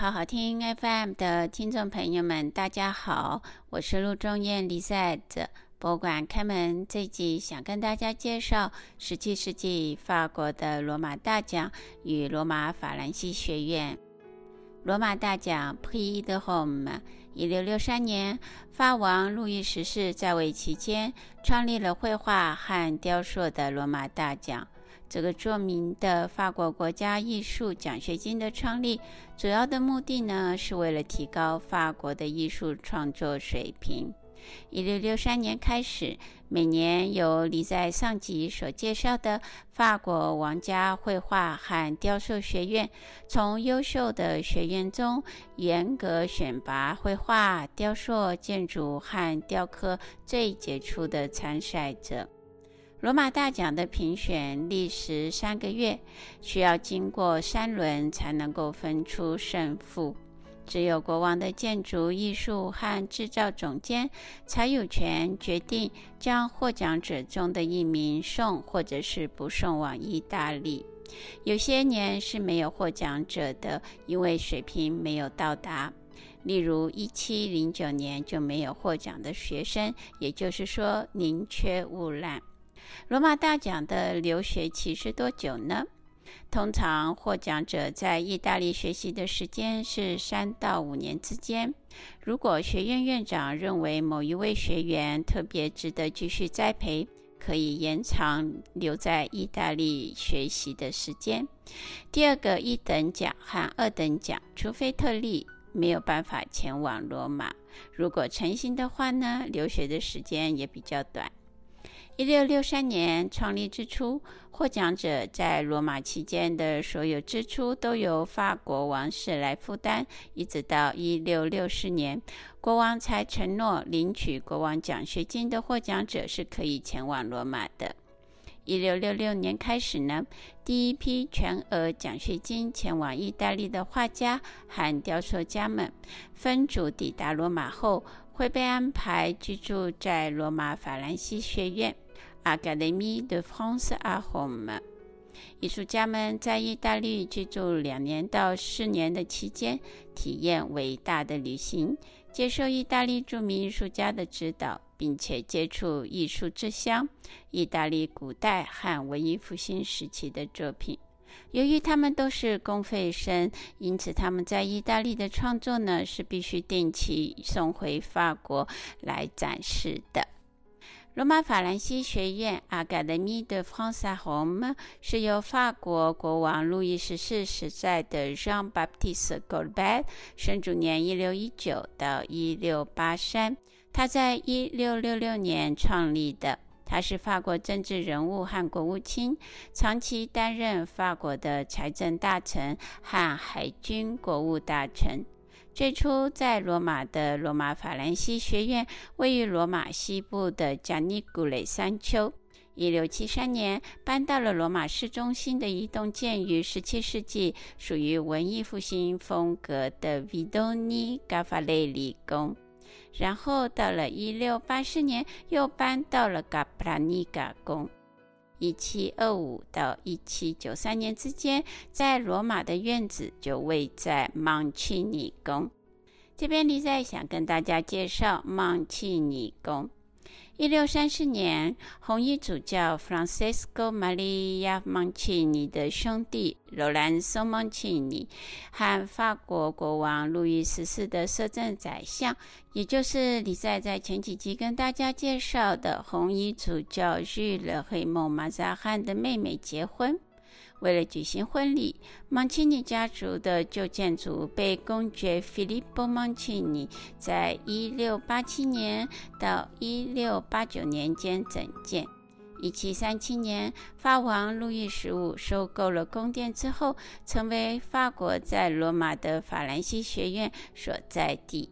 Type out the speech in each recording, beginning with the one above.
好好聽 FM 的聽眾朋友們，大家好，我是陸中燕 Lisa Ette，博物館開門這集想跟大家介紹17世紀法國的羅馬大獎與羅馬法蘭西學院。羅馬大獎 Prix de Rome，1663 年，法王路易十四在位期間，創立了繪畫和雕塑的羅馬大獎。這個著名的法國國家藝術獎學金的創立，主要的目的呢，是為了提高法國的藝術創作水平。一六六三年開始，每年由你在上集所介紹的法國王家繪畫和雕塑學院，從優秀的學員中嚴格選拔繪畫、雕塑、建築和雕刻最傑出的參賽者。羅馬大獎的評選歷時三個月，需要經過三輪才能夠分出勝負。只有國王的建築藝術和製造總監才有權決定將獲獎者中的一名送或者是不送往意大利。有些年是沒有獲獎者的，因為水平沒有到達。例如，一七零九年就沒有獲獎的學生，也就是說寧缺毋濫。羅馬大獎的留學期是多久呢？通常獲獎者在意大利學習的時間是三到五年之間。如果學院院長認為某一位學員特別值得繼續栽培，可以延長留在意大利學習的時間。第二個一等獎和二等獎，除非特例，沒有辦法前往羅馬。如果成行的話呢，留學的時間也比較短。一六六三年創立之初，獲獎者在羅馬期間的所有支出都由法國王室來負擔，一直到一六六四年，國王才承諾領取國王獎學金的獲獎者是可以前往羅馬的。一六六六年開始呢，第一批全額獎學金前往意大利的畫家和雕塑家們分組抵達羅馬後，會被安排居住在羅馬法蘭西學院。Académie de France à Rome，藝術家們在意大利居住兩年到四年的期間，體驗偉大的旅行，接受意大利著名藝術家的指導，並且接觸藝術之鄉——意大利古代和文藝復興時期的作品。由於他們都是公費生，因此他們在意大利的創作呢，是必須定期送回法國來展示的。羅馬法蘭西學院阿格 a 尼的 m i 洪 f a n o m e 是由法國國王路易十四時代的 Jean Baptiste g o l b e r g 聖主年一六一九到一六八三），他在一六六六年創立的。他是法國政治人物和國務卿，長期擔任法國的財政大臣和海軍國務大臣。最初，在羅馬的羅馬法蘭西學院位於羅馬西部的加尼古雷山丘。一六七三年搬到了羅馬市中心的一棟建於十七世紀、屬於文藝復興風格的維多尼·加法雷利宮，然後到了一六八四年又搬到了嘎布拉尼嘎宮。一七二五到一七九三年之間，在羅馬的院址就位在曼奇尼宮。這邊，李在想跟大家介紹曼奇尼宮。1 6 3四年，紅衣主教 f r a n c i s c o Maria Montini 的兄弟羅蘭 m n 索· i n i 和法國國王路易十四的攝政宰相，也就是李在在前幾集跟大家介紹的紅衣主教敘爾黑夢馬扎漢的妹妹結婚。為了舉行婚禮，蒙奇尼家族的舊建築被公爵 Filippo 菲利波·蒙奇尼在1687年到1689年間整建。1737年，法王路易十五收購了宮殿之後，成為法國在羅馬的法蘭西學院所在地。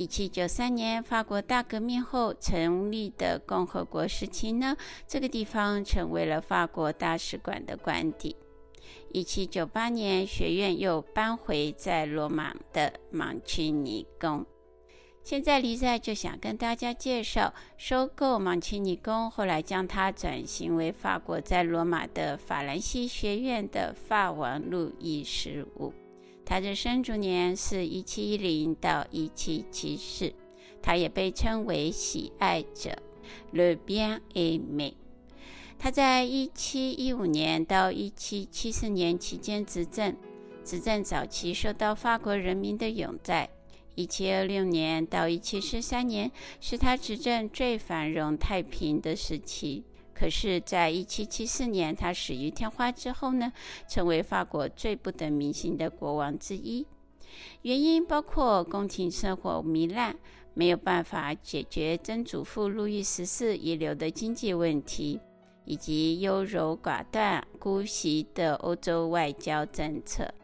一七九三年，法國大革命後成立的共和國時期呢，這個地方成為了法國大使館的官邸。一七九八年，學院又搬回在羅馬的芒奇尼宮。現在黎塞就想跟大家介紹收購芒奇尼宮，後來將它轉型為法國在羅馬的法蘭西學院的法王路易十五。他的生卒年是一七一零到一七七四，他也被稱為喜愛者 le Bien-Aimé。他在一七一五年到一七七四年期間執政，執政早期受到法國人民的擁戴。一七二六年到一七四三年是他執政最繁榮太平的時期。可是，在1774年，他死於天花之後呢，成為法國最不得民心的國王之一。原因包括宮廷生活糜爛，沒有辦法解決曾祖父路易十四遺留的經濟問題，以及優柔寡斷、姑息的歐洲外交政策。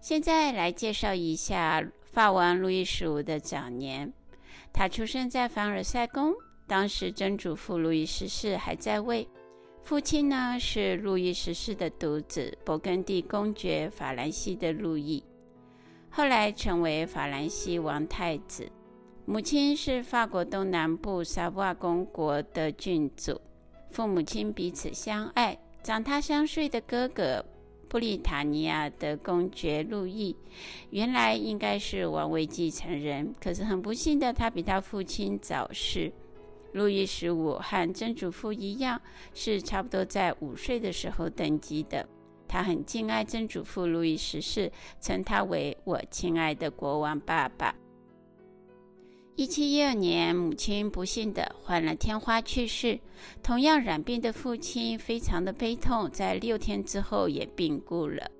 現在來介紹一下法王路易十五的早年。他出生在凡爾賽宮。當時曾祖父路易十四還在位，父親呢是路易十四的獨子，勃艮第公爵法蘭西的路易，後來成為法蘭西王太子。母親是法國東南部薩伏阿公國的郡主，父母親彼此相愛。長他三歲的哥哥布利塔尼亞的公爵路易，原來應該是王位繼承人，可是很不幸的，他比他父親早逝。路易十五和曾祖父一樣，是差不多在五歲的時候登基的。他很敬愛曾祖父路易十四，稱他為“我親愛的國王爸爸”。1712年，母親不幸的患了天花去世，同樣染病的父親非常的悲痛，在六天之後也病故了。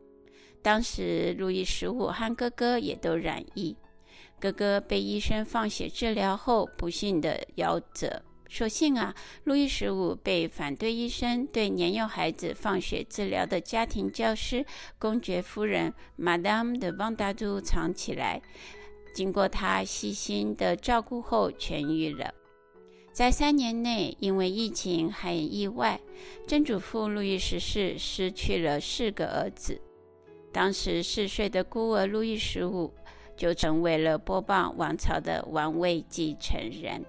當時路易十五和哥哥也都染疫。哥哥被醫生放血治療後，不幸的夭折。所幸啊，路易十五被反對醫生對年幼孩子放血治療的家庭教師公爵夫人 Madame de Ventadour 藏起來，經過她細心的照顧後痊愈了。在三年內，因為疫情很意外，曾祖父路易十四失去了四個兒子。當時四歲的孤兒路易十五，就成為了波旁王朝的王位繼承人。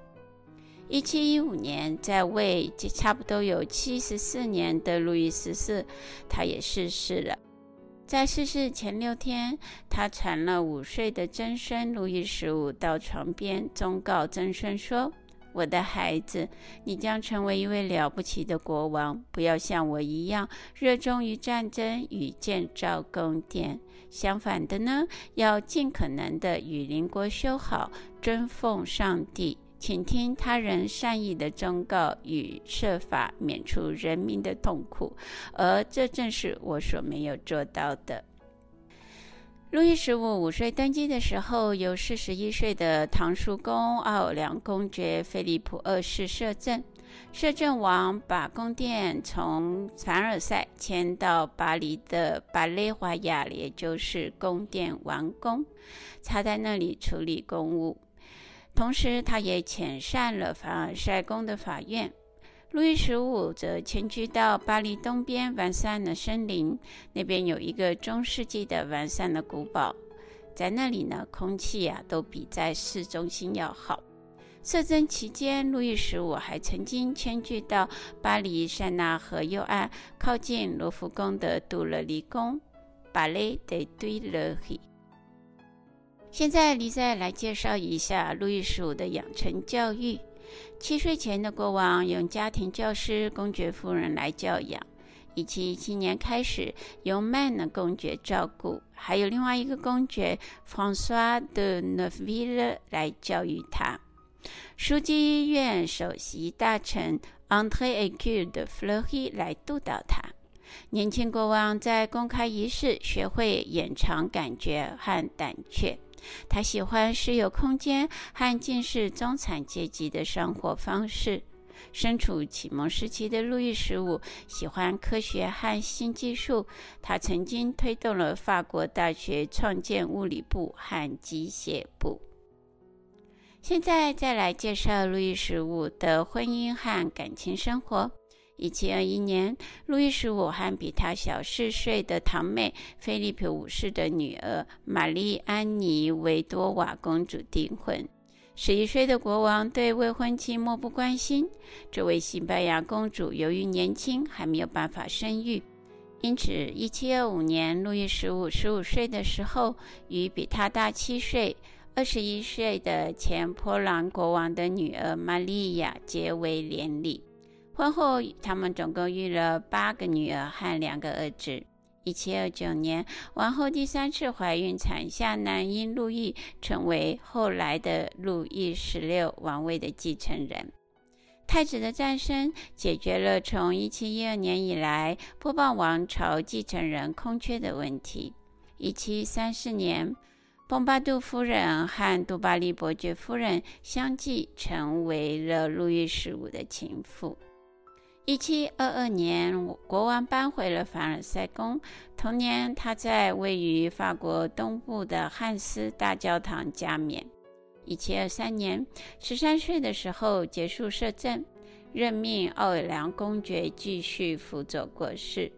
一七一五年，在位差不多有七十四年的路易十四，他也逝世了。在逝世前六天，他傳了五歲的曾孫路易十五到床邊，忠告曾孫說：“我的孩子，你將成為一位了不起的國王，不要像我一樣熱衷於戰爭與建造宮殿。”相反的呢，要盡可能的與鄰國修好，尊奉上帝，傾聽他人善意的忠告，與設法免除人民的痛苦，而這正是我所沒有做到的。路易十五五歲登基的時候，由四十一歲的堂叔公奧爾良公爵菲利普二世攝政。攝政王把宮殿從凡爾賽遷到巴黎的巴雷華亞，也就是宮殿王宮，他在那裡處理公務。同時，他也遣散了凡爾賽宮的法院。路易十五則遷居到巴黎東邊 Vincennes 的森林，那邊有一個中世紀的 Vincennes 的古堡，在那裡呢，空氣啊都比在市中心要好。攝政期間，路易十五還曾經遷居到巴黎塞納河右岸靠近羅浮宮的杜勒里宮 Palais des Tuileries。現在，你再來介紹一下路易十五的養成教育：七歲前的國王用家庭教師公爵夫人來教養，一七一七年開始由曼恩公爵照顧，還有另外一個公爵 François de Neufville 來教育他。樞機院首席大臣 André-Hercule de Fleury 來督導他。年輕國王在公開儀式學會掩藏感覺和膽怯。他喜歡私有空間和近似中產階級的生活方式。身處啟蒙時期的路易十五喜歡科學和新技術。他曾經推動了法國大學創建物理部和機械部。現在再來介紹路易十五的婚姻和感情生活。1721年，路易十五和比他小四歲的堂妹菲利普五世的女兒瑪麗安妮維多瓦公主訂婚。十一歲的國王對未婚妻漠不關心。這位西班牙公主由於年輕，還沒有辦法生育，因此1725年，路易十五十五歲的時候，與比他大七歲。二十一歲的前波蘭國王的女兒瑪利亞結為連理。婚後，他們總共育了八個女兒和兩個兒子。一七二九年，王后第三次懷孕，產下男嬰路易，成為後來的路易十六王位的繼承人。太子的誕生解決了從一七一二年以來波旁王朝繼承人空缺的問題。一七三四年。蓬巴杜夫人和杜巴利伯爵夫人相繼成為了路易十五的情婦。一七二二年，國王搬回了凡爾賽宮。同年，他在位於法國東部的漢斯大教堂加冕。一七二三年，十三歲的時候結束攝政，任命奧爾良公爵繼續輔佐國事。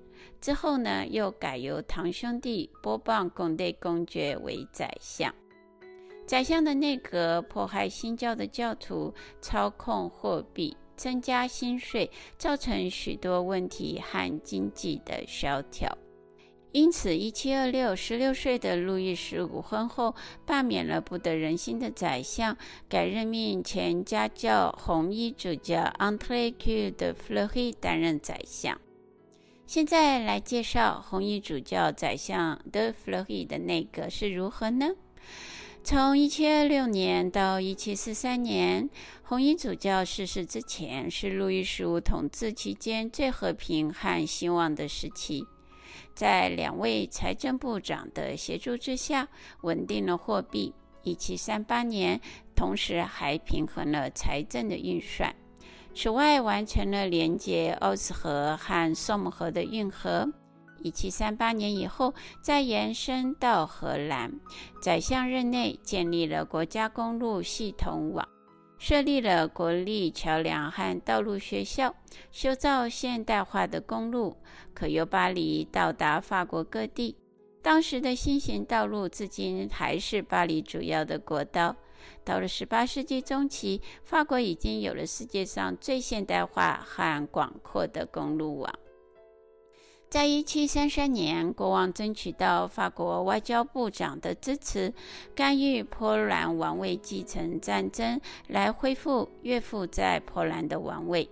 之後呢，又改由堂兄弟波旁孔代公爵為宰相。宰相的內閣迫害新教的教徒，操控貨幣，增加新稅，造成許多問題和經濟的蕭條。因此，一七二六，十六歲的路易十五婚後，罷免了不得人心的宰相，改任命前家教紅衣主教安特萊庫德弗洛希擔任宰相。現在來介紹紅衣主教宰相德弗洛伊的內閣是如何呢？從1726年到1743年，紅衣主教逝世之前，是路易十五統治期間最和平和興旺的時期。在兩位財政部長的協助之下，穩定了貨幣。1738年，同時還平衡了財政的預算。此外，完成了連接奧斯河和索姆河的運河。1738年以後，再延伸到荷蘭。宰相任內，建立了國家公路系統網，設立了國立橋樑和道路學校，修造現代化的公路，可由巴黎到達法國各地。當時的新型道路，至今還是巴黎主要的國道。到了18世紀中期，法國已經有了世界上最現代化和廣闊的公路網。在1733年，國王爭取到法國外交部長的支持，干預波蘭王位繼承戰爭，來恢復岳父在波蘭的王位。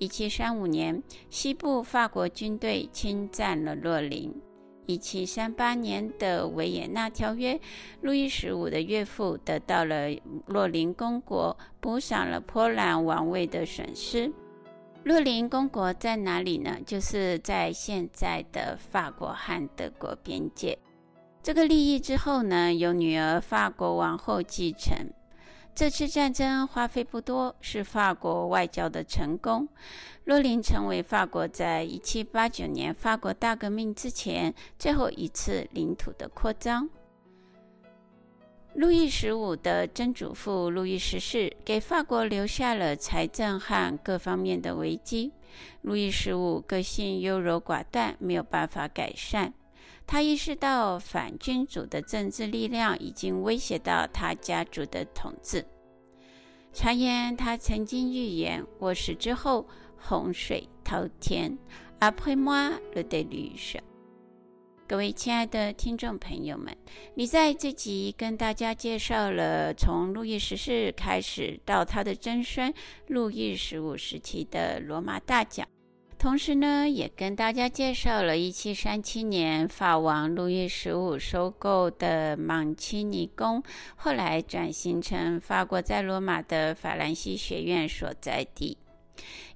1735年，西部法國軍隊侵佔了洛林。一七三八年的維也納條約，路易十五的岳父得到了洛林公國，補償了波蘭王位的損失。洛林公國在哪裡呢？就是在現在的法國和德國邊界。這個利益之後呢，由女兒法國王后繼承。這次戰爭花費不多，是法國外交的成功。洛林成為法國在一七八九年法國大革命之前最後一次領土的擴張。路易十五的曾祖父路易十四給法國留下了財政和各方面的危機。路易十五個性優柔寡斷，沒有辦法改善。他意識到反君主的政治力量已經威脅到他家族的統治。傳言他曾經預言：“我死之後，洪水滔天。”Après moi, le déluge。各位親愛的聽眾朋友們，你在這集跟大家介紹了從路易十四開始到他的曾孫路易十五時期的羅馬大獎。同時呢，也跟大家介紹了一七三七年法王路易十五收購的芒奇尼宮，後來轉型成法國在羅馬的法蘭西學院所在地。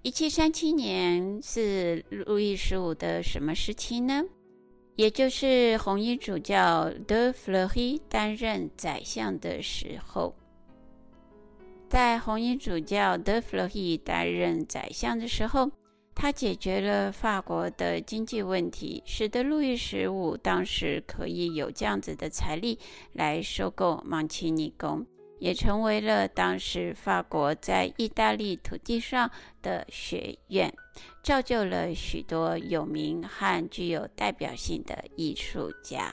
一七三七年是路易十五的什麼時期呢？也就是紅衣主教德弗洛伊擔任宰相的時候。在紅衣主教德弗洛伊擔任宰相的時候，他解決了法國的經濟問題，使得路易十五當時可以有這樣子的財力來收購蒙奇尼宮，也成為了當時法國在意大利土地上的學院，造就了許多有名和具有代表性的藝術家。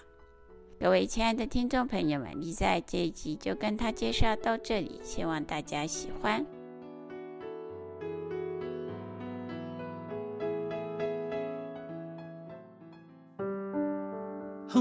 各位親愛的聽眾朋友們，你在這一集就跟他介紹到這裡，希望大家喜歡。